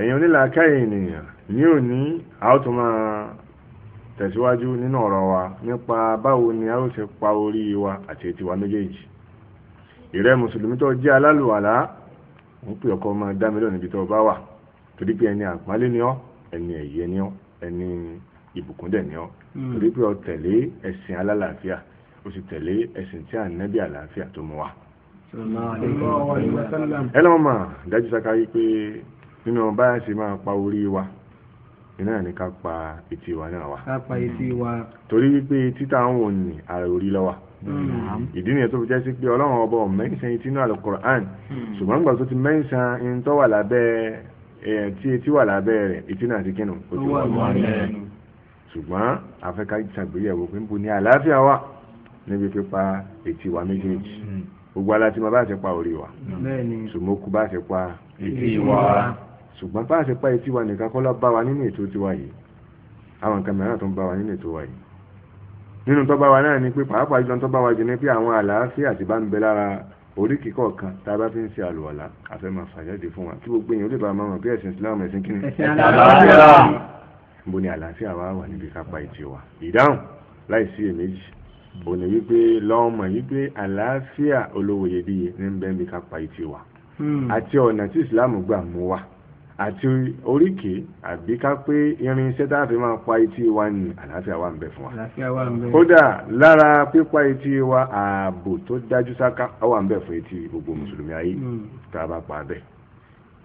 ẹ̀yin onílàákàyè ènìyàn ní òní a ó tún máa tẹ̀síwájú nínú ọ̀rọ̀ wa nípa báwo ni a ó ṣe pa orí wa àti etí wa méjèèjì ìrẹ́ mùsùlùmí tó jẹ́ alálùwàlá ń pè ọkọ máa dá mi lónìí ibi tó bá wà torí pé ẹni àpọ́nlé ni ọ́ ẹni ẹ̀yẹ ni ọ́ ẹni ìbùkún dẹ̀ ni ọ́ hmm. torí pé o tẹ̀lé ẹ̀sìn alálàáfíà o sì tẹ̀lé ẹ̀sìn tí ànábì àlàáfíà tó mú wa. ẹ lọ́mọ dájú sáká yí pé nínú bá a ṣe máa pa orí wa iná ní ká pa etí wa náà wa. ká pa etí wa. torí wípé títà ń wò ní ara orí lọ́wọ́. ìdí nìyẹn tó fi jẹ́ sí pé ọlọ́run ọba mẹ́sàn etí náà Al-Qur'an hmm. ṣùgbọ́n gbà tó ti mẹ́sàn in tó wà lábẹ́ ẹ̀ tí etí wà lábẹ́ rẹ̀ etí náà ti kínú. ó ti wà lọ́wọ́ ṣùgbọ́n afẹ́ká ṣàgbéyẹ̀wò pé ń bu àlàáfíà wa níbi pípa etí wa méjèèjì hmm. gbogbo aláti máa bá ṣe pa orí wa ṣùgbọ́n kú bá ṣe pa etí wa ṣùgbọ́n bá ṣe pa etí wa nìkan kọ́ lọ bá wa nínú ètò tiwa yìí àwọn nǹkan mìíràn tó ń bá wa nínú ètò wa yìí nínú tó bá wa náà ni pé pàápàá jùlọ tó bá wa jù ni pé àwọn àlàáfíà ti bá ń bẹ lára oríkì kọ̀ọ̀kan tá a bá fi ń ṣe àlùwàlà àfẹ́ máa fàjáde fún wa kí gbogbo èèyàn lè bá a máa mọ̀ bí ẹ̀sìn Islam ẹ̀sìn kí ni. níbo ni àlàáfíà wa wà níbi ká pa etí wa ìdáhùn láì sí èméjì òun ni wípé lọ́mọ wípé àlàáfíà olówó iyebíye ní bẹ́ẹ̀ bí ká pa wa hmm. àti ọ̀nà tí Islam gbà mú wa àti oríkèé àbí ká pé irin iṣẹ́ tá a fi máa pa etí wa ní àlàáfíà wa ń bẹ fún wa. kódà lára pípa etí wa ààbò tó dájú sáká ó wà ń bẹ fún etí gbogbo mùsùlùmí ayé hmm. tá a bá pa bẹ́ẹ̀.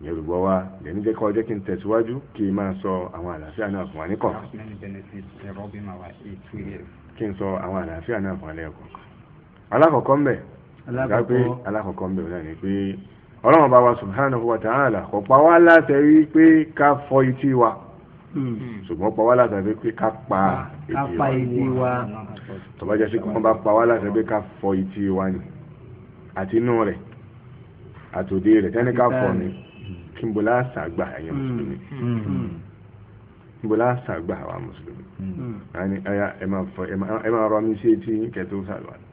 ìyẹn olùgbọ́ wa lẹ́nu jẹ́ kọ́ jẹ́ kí n tẹ̀síwájú kí n máa sọ àwọn àlàáfíà náà fún wa ní kọ̀ọ̀kan. kí n sọ àwọn àlàáfíà náà fún wa lẹ́ẹ̀kọ̀ọ̀kan. alákọ̀ọ́kọ́ ń bẹ alákọ̀ọ́kọ́ ọlọ́run bá wa subhanahu wa ta'ala kò pa wá láṣẹ wí pé ká fọ etí wa hmm. ṣùgbọ́n pa wá láṣẹ wí pé ká pa etí wa tó bá jẹ́ sí kọ́kọ́ bá pa wá láṣẹ wí pé ká fọ etí wa ni àti inú rẹ̀ àtòdé rẹ̀ tẹ́ni ká fọ ni kí n bò láṣà gbà ẹ̀yẹ hmm. mùsùlùmí hmm. kí n bò láṣà gbà àwa mùsùlùmí ẹ máa rọ mi sí etí kẹtó sàlùwàlù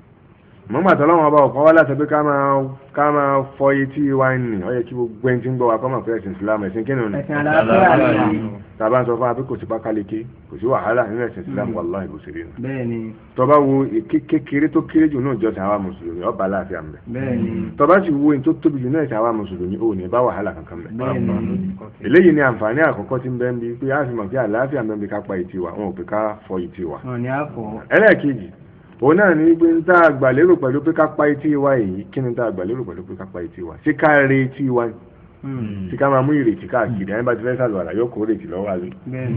mọ̀gbà tó lọ́wọ́ ọba ọ̀kọ́ wá láti pé ká máa fọ etí wa nì ó yẹ kí gbogbo ẹni tí ń gbọ́ wa kọ́ máa fẹ́ ẹ̀sìn Islam ẹ̀sìn kí nìyẹn. ẹ̀sìn aláàbíà ni. tàbá ń sọ fún wa pé kò sí pákáleke kò sí wàhálà nínú ẹ̀sìn Islam mm. wàláhì kò sí rí nù. bẹ́ẹ̀ni. tọba wo kékeré tó kéré jù náà jọ́sìn àwa mùsùlùmí ọba aláàfíà mbẹ. bẹ́ẹ̀ni. tọba sì wo ní tóbi jù náà ẹ̀sìn àwa mùsùlùmí ò ní bá wàhálà kankan mbẹ. eléyìí ni àǹfààní àkọ́kọ́ tí ń bẹ ń bi pé a sì mọ̀ pé àlàáfíà mbẹ bi ká pa etí wa wọn ò pè ká fọ etí wa. ẹlẹ́ẹ̀kejì òun náà ní pé ń tá a gbà lérò pẹ̀lú pé ká pa etí wa èyí kí ni tá a gbà lérò pẹ̀lú pé ká pa etí wa ṣé ká re etí wa ni hmm. ṣé ká máa mú ìrètí káàkiri ẹni bá ti fẹ́ sàlùwàlà yóò kó ìrètí lọ́wọ́ àlè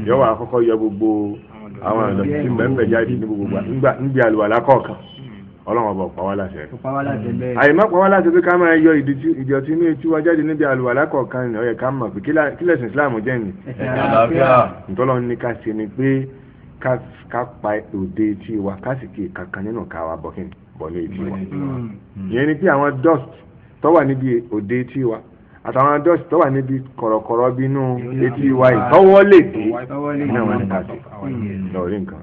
yóò wà kọ́kọ́ yọ gbogbo àwọn ìdọ̀tí bẹ́ẹ̀ jáde ní gbogbo hmm. níbi àlùwàlà kọ̀ọ̀kan hmm. ọlọ́run ọba ọ̀pá wa láṣẹ rẹ̀ àyèmọ́ pa wá láṣẹ pé ká máa yọ ìdọ̀tí inú etí wa jáde níbi àlùwàlà kọ̀ọ̀kan ó yẹ ká mọ̀ pé kílẹ̀sìn Islam jẹ́ ni ntọ́lọ́run ní ká ṣe ni pé ká pa òde tí wa ká sì kí kankan nínú ká wa bọ́kìn bọ́nú etí wa mm. Mm. Mm. ìyẹn ni pé àwọn dust tó wà níbi òde tí wa àtàwọn dust tó wà níbi kọ̀rọ̀kọ̀rọ̀ bínú etí wa ìtọ́wọ́ lè dé náà wọ́n ní ká sí lọ́ọ̀rí nǹkan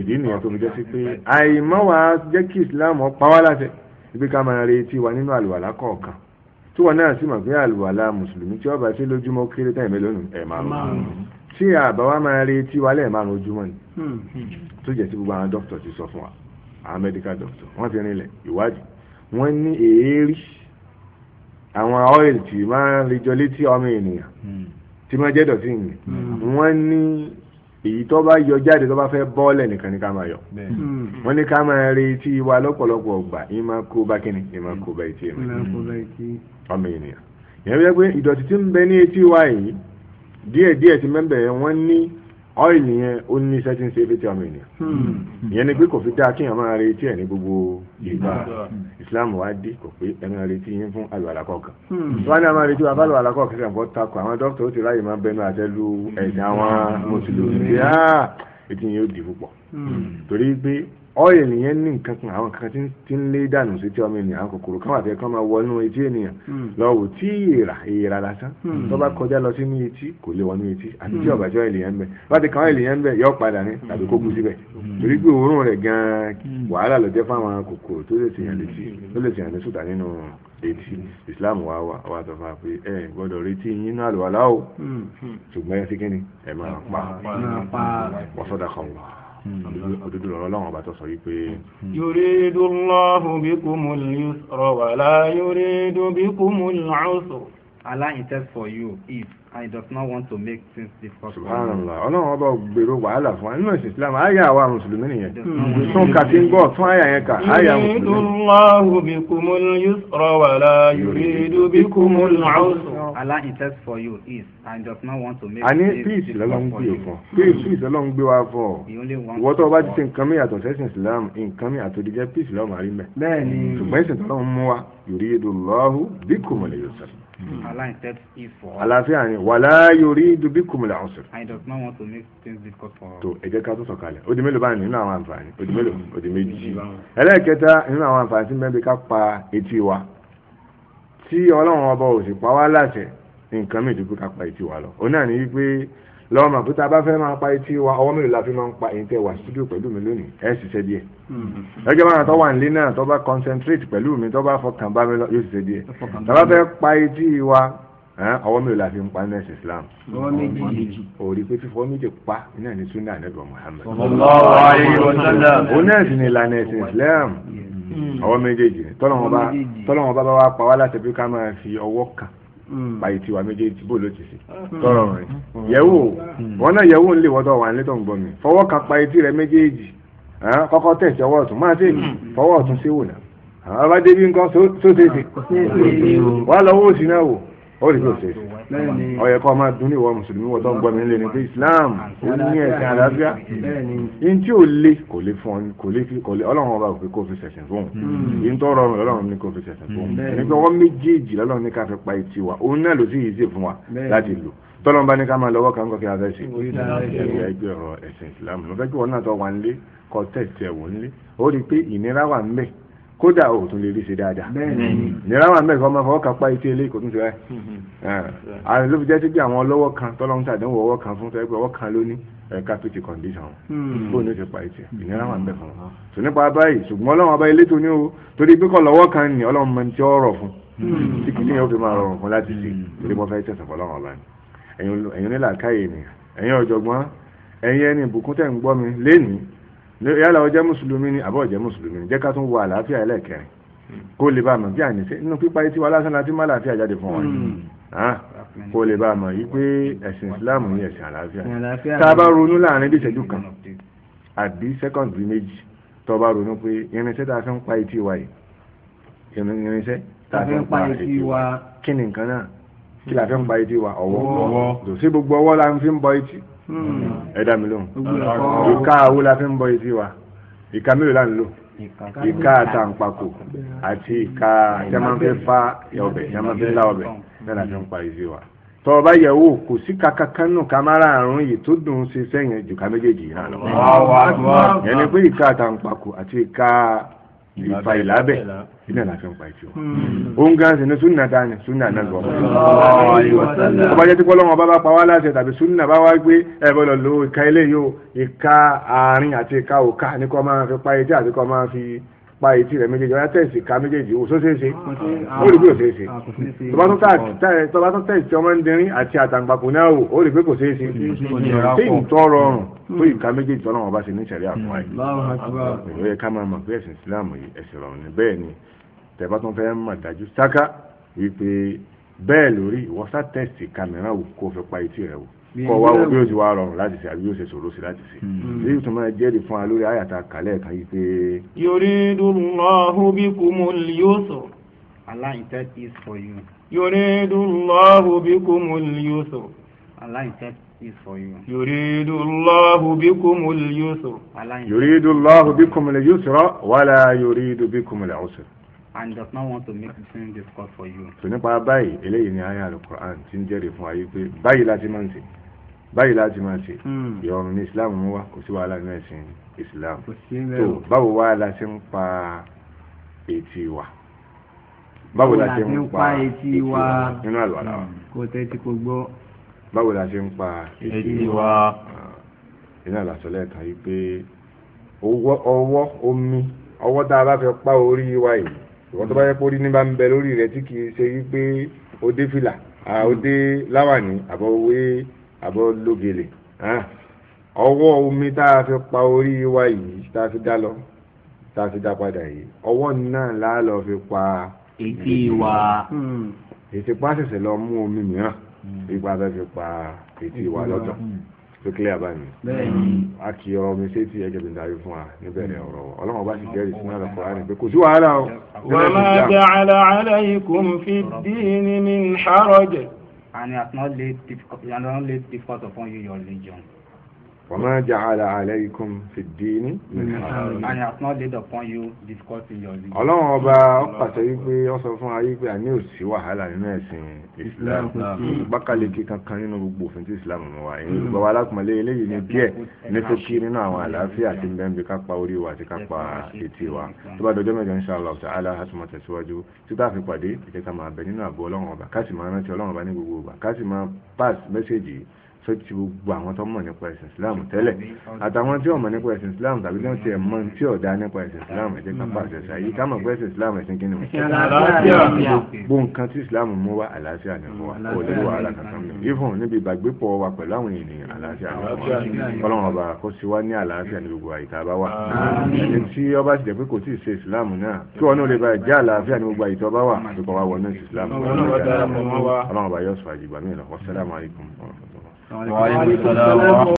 ìdí nìyẹn tó fi jẹ́ sí pé àìmọ́ wa jẹ́ kí Islam pa wá láṣẹ ibi ká máa retí wa nínú àlùwàlá kọ̀ọ̀kan tí wọn náà sì mọ̀ pé àlùwàlá mùsùlùmí tí ó bá ṣe lójúmọ́ kéré táyì mélòó tí àbá wa máa retí wa lẹ́ẹ̀márùn ojúmọ́ ni hmm, hmm. tó jẹ́ sí gbogbo àwọn dókítà ti sọ fún wa àwọn medical doctor wọ́n ti rinlẹ̀ ìwádìí wọ́n ní èérí àwọn oil tí máa ń rejọ létí ọmọ ènìyàn hmm. tí máa jẹ́ dọ̀tí yìí wọ́n ní èyí tó bá yọ jáde tó bá fẹ́ bọ́ọ̀lẹ̀ nìkan ní ká máa yọ wọ́n ní ká máa retí wa lọ́pọ̀lọpọ̀ ọgbà ìmọ̀ kó bá kíni ìmọ̀ ìdọ̀tí tí ń bẹ ní etí wa yìí díẹ̀ díẹ̀ ti mẹ́bẹ̀ yẹn wọ́n ní ọ́ìlì yẹn ó ní iṣẹ́ tí ń ṣe fi ti ọmọ ènìyàn ìyẹn ni pé kò fi dáa kí èèyàn máa retí ẹ̀ ní gbogbo ìgbà hmm. Islam wa dé kò pé ẹ máa retí yín fún àlùwàlà kọ̀ọ̀kan hmm. wọn ní a máa retí wa fún àlùwàlà kọ̀ọ̀kan kí nǹkan takò àwọn dókítà ó ti ráyè máa bẹnu àtẹ́lu ẹ̀dá wọn hmm. mùsùlùmí ètò ah! yẹn ó dì púpọ̀ torí pé ọ́yẹ̀ nìyẹn ní nǹkan kan àwọn kan tí ń lé dànù sí tí ọmọ ènìyàn àwọn kòkòrò kan wà fẹ́ kán máa wọnú etí ènìyàn hmm. lọ wò tí èèrà èèrà lásán hmm. tó bá kọjá lọ sínú etí kò lè wọnú etí àti tí hmm. ọ̀bàjọ́ ènìyàn bẹ̀ bá ti kàn án ènìyàn bẹ̀ yọ padà ní tàbí kó kú síbẹ̀ torí pé òórùn rẹ̀ gan-an wàhálà ló jẹ́ fáwọn kòkòrò tó lè sèyàn létí tó lè sèyàn lẹ́sùtà nínú etí Islam wa wa wa sọ fún pé ẹ gbọ́dọ̀ retí yín náà lò wà ṣùgbọ́n ẹ sí kíni ẹ máa pa wọ́n sọ́dà kan wà òdodo lọ́rọ̀ lọ́wọ́n ọba tó sọ yìí pé. yuridu Allahu bikumul yusra wala yuridu bikumul usra. Allah intends for you if I does not want to make things difficult for you. subhanallah ọlọ́run ọba gbèrò wàhálà fún wa nínú ẹ̀sìn islam àyà àwa mùsùlùmí nìyẹn tún kà sí ń gbọ́ tún àyà yẹn kà àyà mùsùlùmí. yuridullahu bikumul yusra wala yuridu bikumul usra. Allah intends for you is I does not want to make things difficult for you. peace peace ọlọ́run gbé wa fọ ìwọ tó o bá ti ṣe nǹkan mi àtọ̀ sẹ́sìn islam nǹkan mi àtọ̀ díjẹ́ peace lọ́mọ àrí mẹ́. bẹ́ẹ̀ ni ṣùgbọ́n ìsìn tọ́lọ́run mú wa yuridullahu bikumul yusra. Hmm. align e àlàáfíà ni wàlá yuridu bikumul usr. and he does not want to make things difficult for us. tó ẹ ká tún sọ̀kalẹ̀ ó di mélòó báyìí nínú àwọn àǹfààní ó mélòó hmm. ó méjì. ẹlẹ́ẹ̀kẹta nínú àwọn àǹfààní tí mẹ́bí ká pa etí wa tí ọlọ́run ọba ò sì pa wá láṣẹ nǹkan mìíràn dúpẹ́ ká pa etí wa lọ. ó náà ní wípé lọ́wọ́ mà bùtà bá fẹ́ máa pa etí wa ọwọ́ mélòó la fi máa ń pa èyí tẹ́ wà studio pẹ̀lú mi lónìí ẹ̀ ṣiṣẹ́ díẹ̀ mm-hmm. ẹgbẹ́ wọn tó wà nílé náà tó bá concentrate pẹ̀lú mi tó bá fọkàn bá mi lọ yóò ṣiṣẹ́ díẹ̀ tó bá fẹ́ pa etí wa ọwọ́ mélòó la fi ń pa ní ẹ̀sìn Islam òòrì pé fífọ́ méjì pa iná ní sunna anabi Muhammad òun ẹ̀sìn ìlànà ẹ̀sìn Islam ọwọ́ méjèèjì tọ́lọ́wọ́n bá wá pa wá láti bí ká máa fi ọwọ́ kan Mm. báyìí tiwa méjèèjì bó ló ti sè mm. tọrọ rẹ mm. yẹ̀wò wọn náà yẹ̀wò ń lè wọdọ wà nílé tó ń gbọ́ mi fọwọ́ kan pa etí rẹ méjèèjì kọ́kọ́ tẹ̀sí ọwọ́ ọ̀tún máa tẹ̀lé fọwọ́ ọ̀tún sí wò náà ọba débi nǹkan sóṣèṣe wà lọ́wọ́ òsì wò ó rí kò ṣe ó yẹ kó máa dún ní ìwọ mùsùlùmí wọ́n tó ń gbọ́ lé ní pé islam ó ní ẹ̀sìn àlàáfíà yín tí ò lé kò lè fún ọ kò lè fi kò lè ọlọ́run ọba òfin kò fi ṣẹ̀sìn fún un yín hmm. tó rọrùn ọlọ́run ní kò fi ṣẹ̀sìn fún un hmm. ní pé wọ́n méjèèjì lọ́lọ́run ní ká fi pa etí wa òun náà ló sì yìí ṣe fún wa láti lò tọ́lọ́mbà ní ká máa lọ́wọ́ kan kọ́kẹ́ abẹ́ sí ẹgbẹ́ ọ̀rọ̀ ẹ̀sìn islam lọ́fẹ́ kí kódà o tún lè rí ṣe dáadáa hmm. nira wà mẹ́fọ́ máa fọwọ́ kan pa etí ilé kò tún ṣe rẹ̀ hmm, hmm. ah. àrùn ló fi jẹ́ sí àwọn ọlọ́wọ́ kan tọ́lọ́run ṣàdánwò ọwọ́ kan fún tẹ́gbẹ́ ọwọ́ kan ló ẹ̀ka tó ti kọ̀ǹdíṣàn wọn bóun ló ṣe pa etí ìnira wà mẹ́fọ́ wọn. tò nípa báyìí ṣùgbọ́n ọlọ́run ọba ilé ní o torí pé lọ́wọ́ kan ni ọlọ́run mọ ti ọ̀rọ̀ fún yálà ó jẹ́ mùsùlùmí ni àbọ̀ jẹ́ mùsùlùmí ni jẹ́ ká tún wo àlàáfíà ẹlẹ́ẹ̀kẹrin kó lè bá a mọ̀ bí àyìnṣe inú pípa etí wa lásán láti má àlàáfíà jáde fún wọn hmm. kó lè bá a mọ̀ yìí pé ẹ̀sìn ìsìláàmù ní ẹ̀sìn àlàáfíà tá a bá ronú láàrin bí ìṣẹ́jú kan àbí sẹ́kọ̀ndì méjì tó o bá ronú pé irinṣẹ́ tá a fi ń pa etí wa yìí irinṣẹ́ tá a fi ń pa etí wa kí ni nǹkan náà kí la fi ń pa etí wa ọwọ́ kò sí gbogbo ọwọ́ la fi ń bọ etí Hmm. ẹ dá mi lóhùn ìka àwo la fi ń bọ etí wa ìka mélòó la ń lò ìka àtàǹpàkò àti ìka tí a máa fi fa ọbẹ̀ tí a máa fi la ọbẹ̀ bẹ́ẹ̀ la fi ń pa etí wa tọ́ ọba yẹ̀wò kò sí kankan nù ká máa ràrùn yìí tó dùn sí sẹ́yìn jù ká méjèèjì náà lọ. yẹn ni pé ìka àtàǹpàkò àti ìka ìfà ìlábẹ̀ sílẹ̀ láti ń pa ìtì wọn. Hmm. òun gan sì ni súnà ta ni súnà náà lọ. ọba jẹ́ tí kọ́lọ́mọ bá bá pa wá láṣẹ tàbí súnà bá wá gbé ẹ bọ́lọ̀ lo ìka ilé yìí o ìka àárín àti ìka òka ní kọ́ fi pa ẹjẹ́ àti kọ́ máa fi pa etí rẹ méjèèjì ọyá tẹ̀sí ká méjèèjì wò só ṣeéṣe ó rí pé kò ṣeéṣe ah, ah, tó bá tún tẹ̀sí ọmọdéńrin àti àtàǹgbàkùn náà wò ó rí pé kò ṣeéṣe tí n tọ́ rọrùn tó ìka méjèèjì tọ́nà wọn bá ṣe ní ìṣẹ̀rí àfọwáyé ìlú yẹ ká máa mọ̀ pé ẹ̀sìn Islam ẹ̀sìn rọrùn ni bẹ́ẹ̀ ni tẹ̀ bá fẹ́ mọ̀ dájú sáká wípé bẹ́ẹ̀ lórí ìwọ́sá tẹ̀sì kàmẹ́rà wò kó fi pa etí rẹ̀ wò kọ́ wá wo bí ó ti wá rọrùn láti ṣe àbí yóò ṣe ṣòro sí láti ṣe hmm. èyí tó máa jẹ́rìí fún wa lórí àyàtà kàlẹ́ kan yìí pé. yuridullahu bikumul yusr. Allah intent is for you. yuridullahu bikumul yusr. Allah intent is for you. yuridullahu bikumul yusr. Allah intent. yuridullahu bikumul yusra wala yuridu bikumul usra and does not want to make the same difficult for you. So, nípa báyìí eléyìí ni àyà alukur'an ti ń jẹ́rìí fún ayé pé báyìí láti máa ń ṣe báyìí láti máa ṣe hmm. ìrọ̀rùn ní islam mú wa kò sí wàhálà ní ẹ̀sìn islam So báwo wá la ṣe ń pa etí wa báwo la ṣe ń pa etí wa nínú àlùwàlá wa hmm. kò tẹ́tí kò gbọ́ báwo la ṣe ń pa etí wa ah, iná làṣọlẹ̀ kan yìí pé ọwọ́ omi ọwọ́ tá a bá fẹ́ pa orí wa yìí ìwọ́n tó bá yẹ kó rí ní bá ń bẹ lórí rẹ tí kì í ṣe wípé ó dé fìlà ó dé láwàní àbọ̀ wé àbọ̀ lógele ọwọ́ omi tá a fi pa orí wa yìí tá a fi dá lọ tá a fi dá padà yìí ọwọ́ náà là á lọ fi pa etí wa ètò hmm. ìpá ṣẹ̀ṣẹ̀ lọ mú omi mìíràn hmm. ìpá fẹ́ fi pa etí wa lọ́tọ̀. Hmm tó kílẹ̀ àbáyé a kì í ọ̀rọ̀ mi ṣé ti ẹ̀jẹ̀ bìnrin ayé fún wa níbẹ̀rẹ̀ ọ̀rọ̀ wa ọlọ́mọ bá sì jẹ́rìí sínú àlọ́ kọ́ra nígbẹ́ kò sí wàhálà o. wa ma ja'ala alaykum fi ddini min haraj. and it has not laid difficult upon you your religion. وما جعل عليكم في الدين من mm-hmm. حرج. and has not laid upon you difficulty in your religion. ọlọ́run ọba ọ̀pàṣẹ wípé ó sọ fún wa wípé àní ò sí wàhálà nínú ẹ̀sìn islam mm-hmm. bákàlẹ́kì kankan nínú gbogbo òfin tí islam mú wa èyí gbogbo wa alákùnmọ́lé eléyìí ní díẹ̀ ní fẹ́kí nínú àwọn àlàáfíà tí ń bẹ́ẹ̀ bí kápá wa àti kápá etí wa tó bá dọjọ́ mẹ́jọ insha Allah ta'ala a tún máa tẹ̀síwájú tí tá a fi pàdé ìjẹ́ká pass mẹ́sẹ̀gì tó ti gbogbo àwọn tó mọ̀ nípa ẹ̀sìn islam tẹ́lẹ̀ àtàwọn tí ò mọ̀ nípa ẹ̀sìn islam tàbí náà ti ẹ̀ mọ̀ tí ò dá nípa ẹ̀sìn islam ẹ̀jẹ̀ ká pàṣẹ ṣáyé ká mọ̀ pé ẹ̀sìn islam ẹ̀sìn kí ni gbogbo nǹkan tí islam mú wá àlàáfíà ni fún wa kò lè wà ara kankan mi ifon níbi ìbàgbépọ̀ wa pẹ̀lú àwọn ènìyàn àlàáfíà ni fún wa ọlọ́run ọba kó sì wá ní àlàáfíà ní gbogbo àyíká bá wà ẹni tí ọba sì jẹ́ pé kò tí ì ṣe islam náà kí wọn náà lè bá jẹ́ àlàáfíà ní gbogbo àyíká ọba wà àti kọ́ wa wọnú islam ọlọ́run ọba yóò sọ àjìgbà mí lọ wasalaamualeykum. وعليكم السلام